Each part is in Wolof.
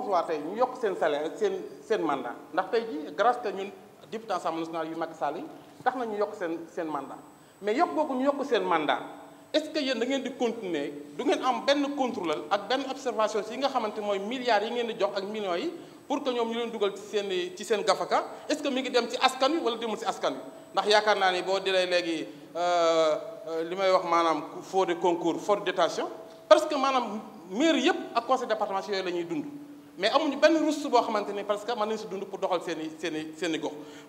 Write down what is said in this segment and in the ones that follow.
convoir tey ñu yokk seen salaire seen seen mandat ndax tey ji grâce que ñun député assemblée nationale yu mag Sall yi tax na ñu yokk seen seen mandat mais yokk boobu ñu yokk seen mandat est-ce que yéen da ngeen di continuer du ngeen am benn contrôle ak benn observation si yi nga xamante mooy milliards yi ngeen di jox ak millions yi pour que ñoom ñu leen dugal ci seen ci seen gafaka est-ce que mi ngi dem ci askan wi wala demul ci askan wi ndax yaakaar naa ni boo diree léegi euh, euh, li may wax maanaam faux de concours faux de parce que maanaam maire yëpp ak conseil départemental yooyu la ñuy dund mais amuñu benn ressource boo xamante ni parce que mën nañ si dund pour doxal seen i seen i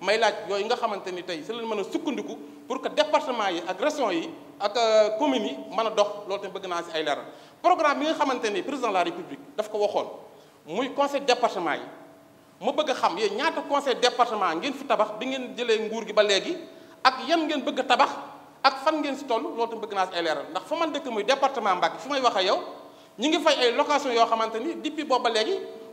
may laaj yooyu nga xamante ni tey si lañ mën a sukkandiku pour que département yi ak région yi ak euh, communes yi mën a dox loolu tamit bëgg naa ay leeral programme bi nga xamante ni président la république daf ko waxoon muy conseil département yi ma bëgg xam yee ñaata conseil département ngeen fi tabax bi ngeen jëlee nguur gi ba léegi ak yan ngeen bëgg a tabax ak fan ngeen si toll loolu tamit bëgg naa si ay leeral ndax fa man dëkk muy département Mbacké fi may waxee ak yow ñu ngi fay ay location yoo xamante ni depuis booba léegi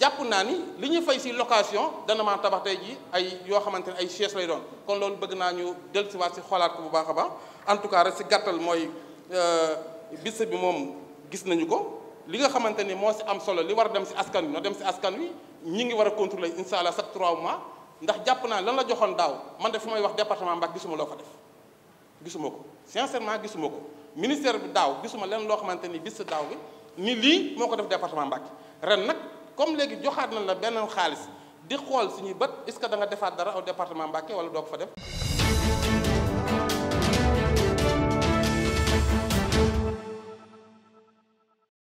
jàpp naa ni li ñuy fay si location dana maa tabax tey ji ay yoo xamante ne ay chaise lay doon kon loolu bëgg naa ñu dellu si waat si xoolaat bu baax baax en tout cas rek si gàttal mooy euh, bis bi moom gis nañu ko li nga xamante ni moo si am solo li war a dem si askan wi noo dem si askan wi ñi ngi war a contrôler incha allah chaque 3 mois ndax jàpp naa lan la joxoon daaw man de fu may wax département Mbacké gisuma loo ko def gisuma ko sincèrement gisuma ko ministère bi daaw gisuma leen loo xamante ni bis daaw bi ni lii moo ko def département Mbacké ren nag comme léegi joxaat na la benn xaalis di xool suñuy bët est-ce que da nga defaat dara au département Mbacké wala doo ko fa def